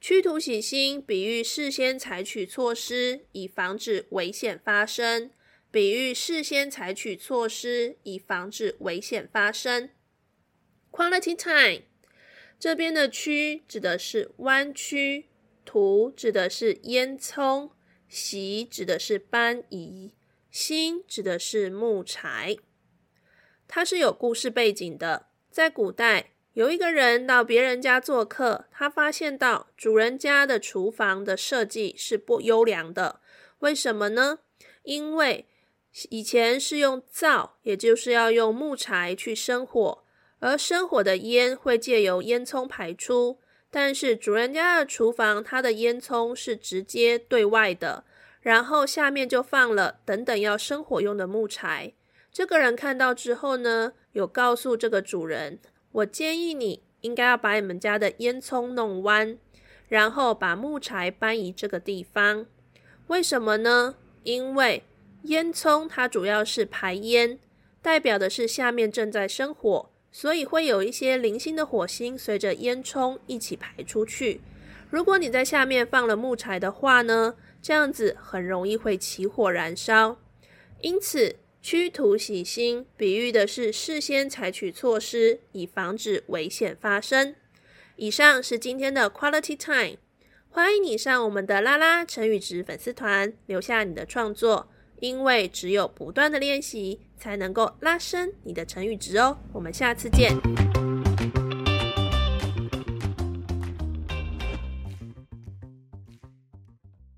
曲突徙薪，比喻事先採取措施，以防止危險發生。比喻事先採取措施，以防止危險發生。Quality time，這邊的曲指的是彎曲，突指的是煙囪，徙指的是搬移，薪指的是木柴。它是有故事背景的，在古代。有一個人到別人家做客，他發現到主人家的廚房的設計是不優良的。為什麼呢？因為以前是用灶，也就是要用木柴去生火，而生火的煙會借由煙囪排出。但是主人家的廚房，它的煙囪是直接對外的，然後下面就放了等等要生火用的木柴。這個人看到之後呢，有告訴這個主人。我建議你應該要把你們家的煙囪弄彎，然後把木柴搬移，這個地方。為什麼呢？因為煙囪它主要是排煙，代表的是下面正在生火，所以會有一些零星的火星隨着煙囪一起排出去。如果你在下面放了木柴的話呢，這樣子很容易會起火燃燒。因此。曲突徙薪，比喻的是事先採取措施，以防止危險發生。以上是今天的 Quality Time，歡迎你上我們的拉拉成語質粉絲團，留下你的創作，因為只有不斷的練習，才能夠拉伸你的成語質哦。我們下次見。